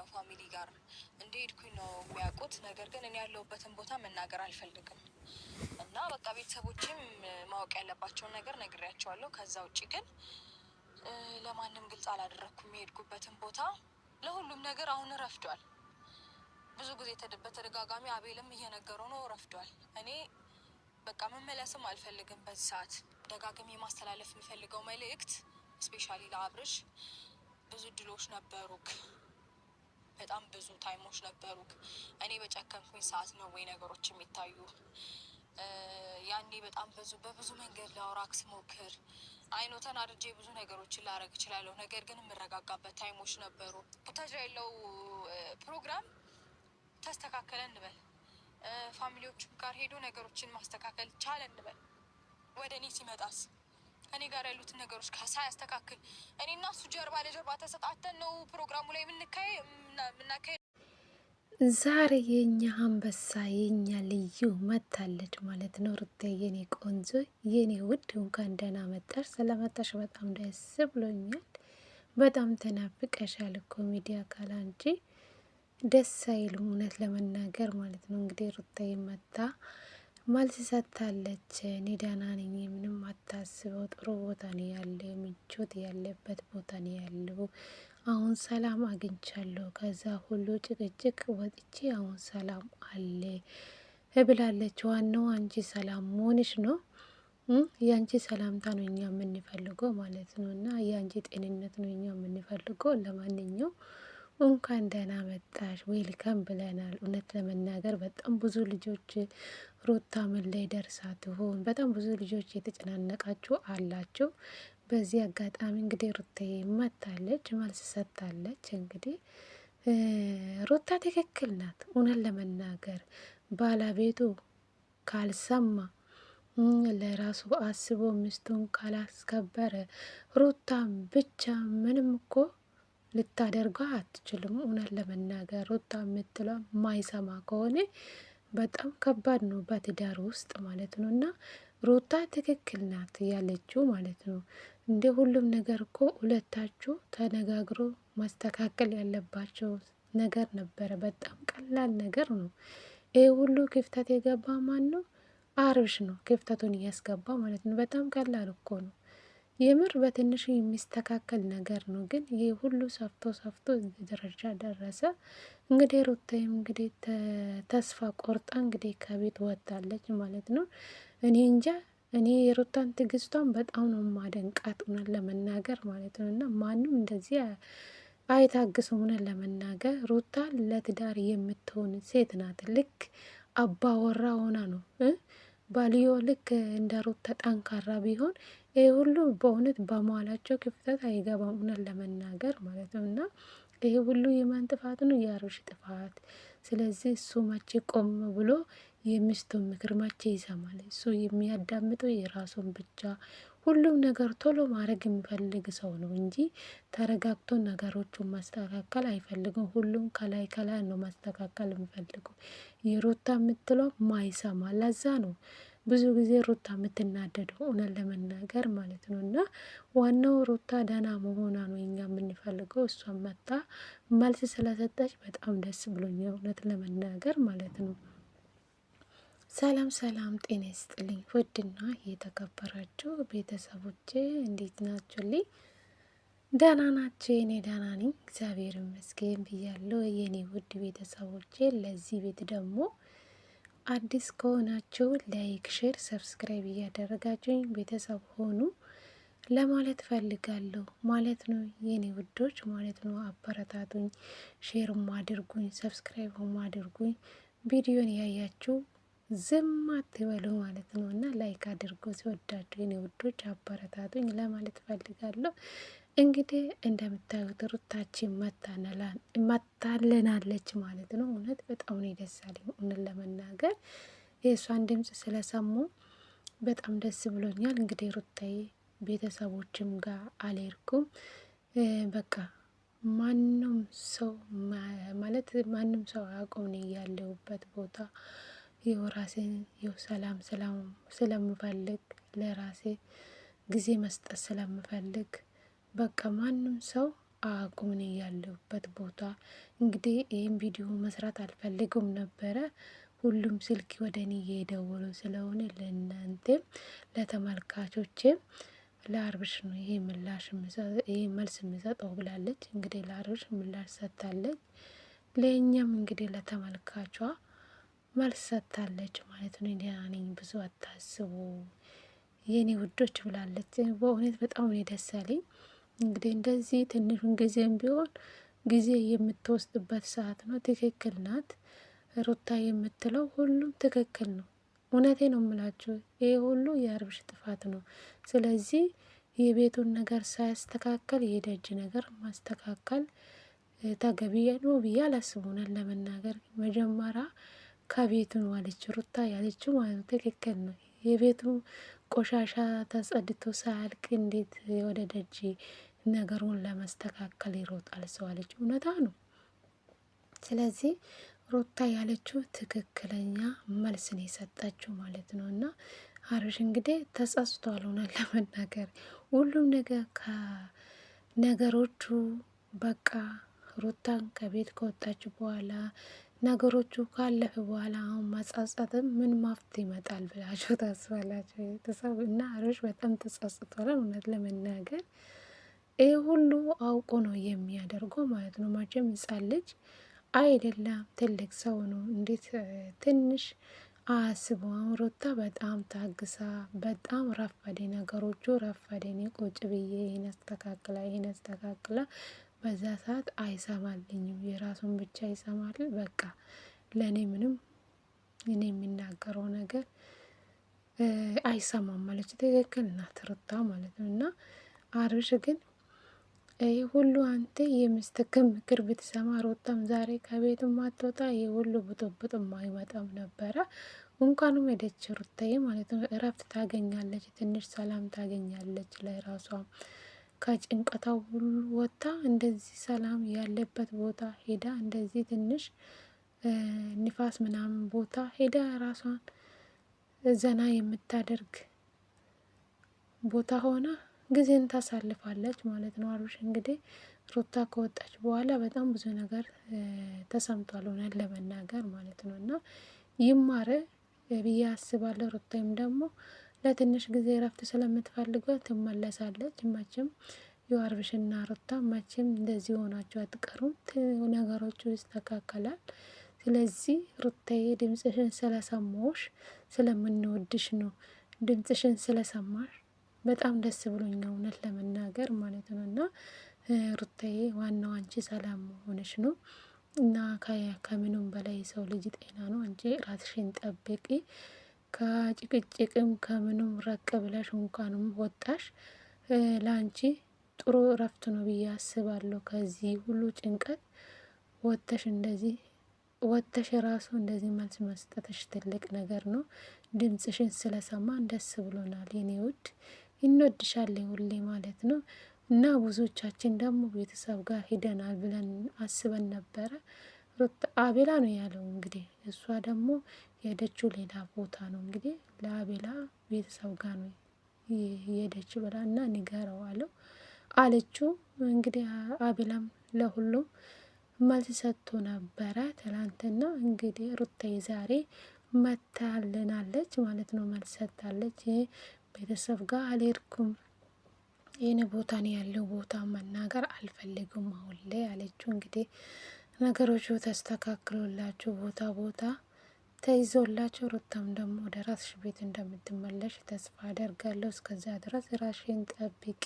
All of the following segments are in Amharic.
ከሚዲያው ፋሚሊ ጋር እንደሄድኩኝ ነው የሚያውቁት። ነገር ግን እኔ ያለሁበትን ቦታ መናገር አልፈልግም እና በቃ ቤተሰቦችም ማወቅ ያለባቸውን ነገር ነግሬያቸዋለሁ። ከዛ ውጭ ግን ለማንም ግልጽ አላደረግኩም የሄድኩበትን ቦታ። ለሁሉም ነገር አሁን ረፍዷል። ብዙ ጊዜ በተደጋጋሚ አቤልም እየነገረው ነው ረፍዷል። እኔ በቃ መመለስም አልፈልግም። በዚህ ሰዓት ደጋግሜ ማስተላለፍ የምፈልገው መልእክት ስፔሻሊ ለአብርሽ ብዙ እድሎች ነበሩክ። በጣም ብዙ ታይሞች ነበሩ። እኔ በጨከንኩኝ ሰዓት ነው ወይ ነገሮች የሚታዩ? ያኔ በጣም ብዙ በብዙ መንገድ ላውራክ ስሞክር አይኖተን አድርጄ ብዙ ነገሮችን ላረግ እችላለሁ። ነገር ግን የምረጋጋበት ታይሞች ነበሩ። ቡታጅራ ያለው ፕሮግራም ተስተካከለ እንበል፣ ፋሚሊዎቹም ጋር ሄዶ ነገሮችን ማስተካከል ቻለ እንበል። ወደ እኔ ሲመጣስ እኔ ጋር ያሉትን ነገሮች ሳያስተካክል እና እሱ ጀርባ ለጀርባ ተሰጣተን ነው ፕሮግራሙ ላይ የምንካሄ ዛሬ የኛ አንበሳ የኛ ልዩ መታለች ማለት ነው። ሩታ የኔ ቆንጆ የኔ ውድ እንኳን ደህና መጣሽ። ስለመጣሽ በጣም ደስ ብሎኛል። በጣም ተናፍቀሻል እኮ ሚዲያ እንጂ ደስ አይልም፣ እውነት ለመናገር ማለት ነው። እንግዲህ ሩታ መታ መልስ ሰጥታለች። እኔ ደህና ነኝ፣ ምንም አታስበው፣ ጥሩ ቦታ ነው ያለ፣ ምቾት ያለበት ቦታ ነው ያለው አሁን ሰላም አግኝቻለሁ። ከዛ ሁሉ ጭቅጭቅ ወጥቼ አሁን ሰላም አለ ብላለች። ዋናው አንቺ ሰላም መሆንሽ ነው። የአንቺ ሰላምታ ነው እኛ የምንፈልገው ማለት ነው። እና የአንቺ ጤንነት ነው እኛ የምንፈልገው። ለማንኛው እንኳን ደህና መጣሽ ዌልከም ብለናል። እውነት ለመናገር በጣም ብዙ ልጆች ሩታ ምን ላይ ደርሳ ትሆን? በጣም ብዙ ልጆች የተጨናነቃችሁ አላቸው። በዚህ አጋጣሚ እንግዲህ ሩቴ መታለች፣ መልስ ሰጥታለች። እንግዲህ ሩታ ትክክል ናት። እውነት ለመናገር ባለቤቱ ካልሰማ ለራሱ አስቦ ሚስቱን ካላስከበረ ሩታም ብቻ ምንም እኮ ልታደርጓ አትችልም። እውነት ለመናገር ሩታ የምትለ ማይሰማ ከሆነ በጣም ከባድ ነው፣ በትዳር ውስጥ ማለት ነው። እና ሩታ ትክክል ናት ያለችው ማለት ነው። እንደ ሁሉም ነገር እኮ ሁለታችሁ ተነጋግሮ ማስተካከል ያለባቸው ነገር ነበረ። በጣም ቀላል ነገር ነው። ይህ ሁሉ ክፍተት የገባ ማን ነው? አብርሽ ነው ክፍተቱን እያስገባ ማለት ነው። በጣም ቀላል እኮ ነው። የምር በትንሹ የሚስተካከል ነገር ነው። ግን ይህ ሁሉ ሰፍቶ ሰፍቶ እዚህ ደረጃ ደረሰ። እንግዲህ ሩታይም እንግዲህ ተስፋ ቆርጣ እንግዲህ ከቤት ወጣለች ማለት ነው። እኔ እንጃ እኔ የሩታን ትግስቷን በጣም ነው ማደንቃት ሆነን ለመናገር ማለት ነው። እና ማንም እንደዚህ አይታግስ ሆነን ለመናገር ሩታ ለትዳር የምትሆን ሴት ናት። ልክ አባወራ ሆና ነው ባልዮ ልክ እንደ ሩታ ጠንካራ ቢሆን ይህ ሁሉ በእውነት በመዋላቸው ክፍተት አይገባም ሆነን ለመናገር ማለት ነው እና ይህ ሁሉ የማን ጥፋት ነው? የአብርሽ ጥፋት። ስለዚህ እሱ መቼ ቆም ብሎ የሚስቱን ምክር መቼ ይሰማል? እሱ የሚያዳምጠው የራሱን ብቻ ሁሉም ነገር ቶሎ ማድረግ የሚፈልግ ሰው ነው እንጂ ተረጋግቶ ነገሮቹን ማስተካከል አይፈልግም። ሁሉም ከላይ ከላይ ነው ማስተካከል የሚፈልገው። የሩታ የምትለው ማይሰማ ለዛ ነው። ብዙ ጊዜ ሩታ የምትናደደው እውነት ለመናገር ማለት ነው። እና ዋናው ሩታ ደህና መሆኗ ነው እኛ የምንፈልገው። እሷ መታ መልስ ስለሰጠች በጣም ደስ ብሎኛል፣ እውነት ለመናገር ማለት ነው። ሰላም ሰላም፣ ጤና ይስጥልኝ ውድና የተከበራችሁ ቤተሰቦቼ እንዴት ናችሁልኝ? ደህና ናቸው የኔ ደህና ነኝ እግዚአብሔር ይመስገን ብያለሁ። የኔ ውድ ቤተሰቦቼ ለዚህ ቤት ደግሞ አዲስ ከሆናችሁ ላይክ፣ ሼር፣ ሰብስክራይብ እያደረጋችሁኝ ቤተሰብ ሆኑ ለማለት ፈልጋለሁ ማለት ነው የኔ ውዶች ማለት ነው። አበረታቱኝ፣ ሼርም አድርጉኝ፣ ሰብስክራይብም አድርጉኝ። ቪዲዮን ያያችሁ ዝም አትበሉ ማለት ነው። እና ላይክ አድርጎ ሲወዳችሁ የኔ ውዶች አበረታቱኝ ለማለት ፈልጋለሁ። እንግዲህ እንደምታዩት ሩታችን ማታለናለች ማለት ነው። እውነት በጣም ነው ደስ አለኝ። እውነት ለመናገር የእሷን ድምፅ ስለሰሙ በጣም ደስ ብሎኛል። እንግዲህ ሩታዬ ቤተሰቦችም ጋር አልሄድኩም በቃ ማንም ሰው ማለት ማንም ሰው አያውቅም ያለሁበት ቦታ ይኸው ራሴን ይኸው ሰላም ሰላም ስለምፈልግ ለራሴ ጊዜ መስጠት ስለምፈልግ በቃ ማንም ሰው አቁምን እኔ ያለሁበት ቦታ። እንግዲህ ይሄን ቪዲዮ መስራት አልፈልግም ነበረ ሁሉም ስልክ ወደ እኔ እየደወሉ ስለሆነ ለእናንተም ለተመልካቾችም ለአርብሽ ነው ይሄ ምላሽ ይሄ መልስ የምሰጠው ብላለች። እንግዲህ ለአብርሽ ምላሽ ሰጥታለች። ለእኛም እንግዲህ ለተመልካቿ መልስ ሰጥታለች ማለት ነው። ደህና ነኝ ብዙ አታስቡ የኔ ውዶች ብላለች። በእውነት በጣም ነው ደስ ያለኝ። እንግዲህ እንደዚህ ትንሹን ጊዜም ቢሆን ጊዜ የምትወስድበት ሰዓት ነው። ትክክል ናት ሩታ የምትለው ሁሉም ትክክል ነው። እውነቴ ነው የምላችሁ፣ ይህ ሁሉ የአብርሽ ጥፋት ነው። ስለዚህ የቤቱን ነገር ሳያስተካከል የደጅ ነገር ማስተካከል ተገቢ ነው ብዬ አላስብሆናል ለመናገር መጀመሪያ ከቤቱ ነው አለች ሩታ ያለችው ማለት ነው። ትክክል ነው። የቤቱ ቆሻሻ ተጸድቶ ሳያልቅ እንዴት ወደ ደጅ ነገሩን ለማስተካከል ይሮጣል ሰው አለች። እውነታ ነው። ስለዚህ ሩታ ያለችው ትክክለኛ መልስን የሰጠችው ማለት ነው። እና አብርሽ እንግዲህ ተጸጽቷል፣ ሆናል ለመናገር ሁሉም ነገር ከነገሮቹ በቃ ሩታን ከቤት ከወጣች በኋላ ነገሮቹ ካለፈ በኋላ አሁን መጸጸትም ምን ማፍት ይመጣል ብላችሁ ታስባላችሁ ቤተሰብ? እና አብርሽ በጣም ተጸጽቷል፣ እውነት ለመናገር ይህ ሁሉ አውቆ ነው የሚያደርገው ማለት ነው። መቼም ሕፃን ልጅ አይደለም ትልቅ ሰው ነው። እንዴት ትንሽ አስቦ አምሮታ በጣም ታግሳ በጣም ረፈዴ ነገሮቹ ረፈዴ። እኔ ቁጭ ብዬ ይህን አስተካክላ ይህን አስተካክላ በዛ ሰዓት አይሰማልኝም። የራሱን ብቻ ይሰማል። በቃ ለእኔ ምንም እኔ የሚናገረው ነገር አይሰማም ማለት ትክክል ናት ሩታ ማለት ነው። እና አብርሽ ግን ይህ ሁሉ አንተ የሚስትክን ምክር ብትሰማ ሩታም ዛሬ ከቤትም አትወጣ ይህ ሁሉ ብጥብጥም አይመጣም ነበረ። እንኳንም ሄደች ሩታዬ ማለት ነው። እረፍት ታገኛለች፣ ትንሽ ሰላም ታገኛለች ለራሷም ከጭንቀታ ሁሉ ወጥታ እንደዚህ ሰላም ያለበት ቦታ ሄዳ እንደዚህ ትንሽ ንፋስ ምናምን ቦታ ሄዳ ራሷን ዘና የምታደርግ ቦታ ሆና ጊዜን ታሳልፋለች ማለት ነው። አብርሽ እንግዲህ ሩታ ከወጣች በኋላ በጣም ብዙ ነገር ተሰምቷል፣ ሆነን ለመናገር ማለት ነው እና ይማረ ብዬ አስባለሁ ሩታይም ደግሞ ለትንሽ ጊዜ እረፍት ስለምትፈልገው ትመለሳለች። መቼም የአብርሽና ሩታ መቼም እንደዚህ ሆናችሁ አትቀሩም፣ ነገሮቹ ይስተካከላል። ስለዚህ ሩታዬ ድምፅሽን ስለሰማሁሽ ስለምንወድሽ ነው። ድምፅሽን ስለሰማሽ በጣም ደስ ብሎኛ እውነት ለመናገር ማለት ነው። እና ሩታዬ ዋናው አንቺ ሰላም ሆነሽ ነው እና ከምንም በላይ የሰው ልጅ ጤና ነው። አንቺ ራስሽን ጠብቂ። ከጭቅጭቅም ከምንም ረቅ ብለሽ እንኳንም ወጣሽ ለአንቺ ጥሩ እረፍት ነው ብዬ አስባለሁ። ከዚህ ሁሉ ጭንቀት ወጥተሽ እንደዚህ ወጥተሽ ራሱ እንደዚህ መልስ መስጠትሽ ትልቅ ነገር ነው። ድምፅሽን ስለሰማን ደስ ብሎናል የኔ ውድ፣ እንወድሻለን ሁሌ ማለት ነው። እና ብዙዎቻችን ደግሞ ቤተሰብ ጋር ሂደናል ብለን አስበን ነበረ። አቤላ ነው ያለው እንግዲህ እሷ ደግሞ የሄደችው ሌላ ቦታ ነው። እንግዲህ ለአቤላ ቤተሰብ ጋር ነው የሄደች ብላ እና ንገረው አለው አለችው። እንግዲህ አቤላም ለሁሉም መልስ ሰጥቶ ነበረ። ትላንትና እንግዲህ ሩታዬ ዛሬ መታልናለች ማለት ነው። መልስ ሰጥታለች። ቤተሰብ ጋር አልሄድኩም ይህን ቦታ ነው ያለው ቦታ መናገር አልፈልግም አሁን ላይ አለችው። እንግዲህ ነገሮቹ ተስተካክሎላችሁ ቦታ ቦታ ተይዞላቸው ሩታም ደግሞ ወደ ራስሽ ቤት እንደምትመለሽ ተስፋ አደርጋለሁ። እስከዛ ድረስ ራሽን ጠብቂ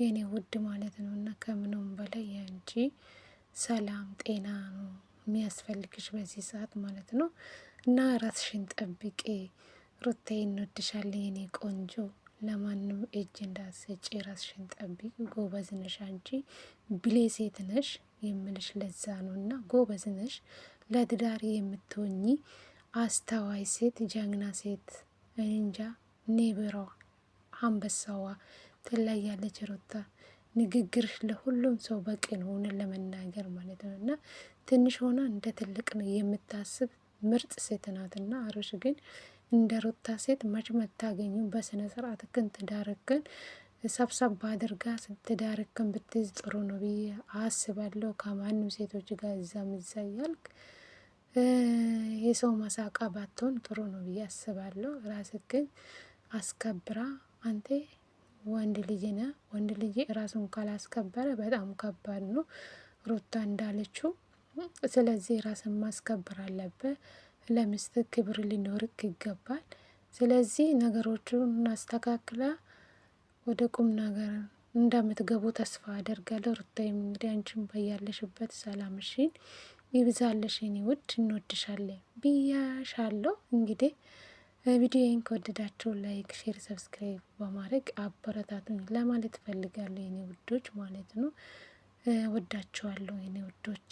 የኔ ውድ ማለት ነው እና ከምንም በላይ የአንቺ ሰላም ጤና ነው የሚያስፈልግሽ በዚህ ሰዓት ማለት ነው እና ራስሽን ጠብቂ። ሩቴ እንወድሻለን የኔ ቆንጆ፣ ለማንም እጅ እንዳትሰጪ ራስሽን ጠብቂ። ጎበዝ ነሽ አንቺ ብሌ ሴት ነሽ የምልሽ ለዛ ነው እና ጎበዝ ነሽ። ለትዳር የምትሆኚ አስተዋይ ሴት፣ ጀግና ሴት እንጃ ኔብሯ፣ አንበሳዋ ትለያለች ሩታ። ንግግርሽ ለሁሉም ሰው በቂ ነው፣ ሆነ ለመናገር ማለት ነው እና ትንሽ ሆና እንደ ትልቅ ነው የምታስብ ምርጥ ሴት ናት። ናትና አብርሽ ግን እንደ ሩታ ሴት መቼም አታገኙ። በስነ ስርዓት ግን ትዳርክን ሰብሰብ አድርጋ ትዳርክን ብትይዝ ጥሩ ነው ብዬ አስባለሁ። ከማንም ሴቶች ጋር እዛም እዛ እያልክ የሰው ማሳቃ ባትሆን ጥሩ ነው ብዬ አስባለሁ። ራስህ ግን አስከብራ አንተ ወንድ ልጅ ነ ወንድ ልጅ ራሱን ካላስከበረ በጣም ከባድ ነው። ሩታ እንዳለችው ስለዚህ ራስን ማስከበር አለበ። ለሚስትህ ክብር ሊኖርክ ይገባል። ስለዚህ ነገሮቹን አስተካክላ ወደ ቁም ነገር እንደምትገቡ ተስፋ አደርጋለሁ። ሩታ እንግዲህ አንቺን በያለሽበት ሰላምሽን ይብዛለሽ የኔ ውድ እንወድሻለን ብያሻለሁ። እንግዲህ ቪዲዮዬን ከወደዳችሁ ላይክ፣ ሼር፣ ሰብስክራይብ በማድረግ አበረታቱኝ ለማለት ፈልጋለሁ የኔ ውዶች ማለት ነው። ወዳችኋለሁ የኔ ውዶች።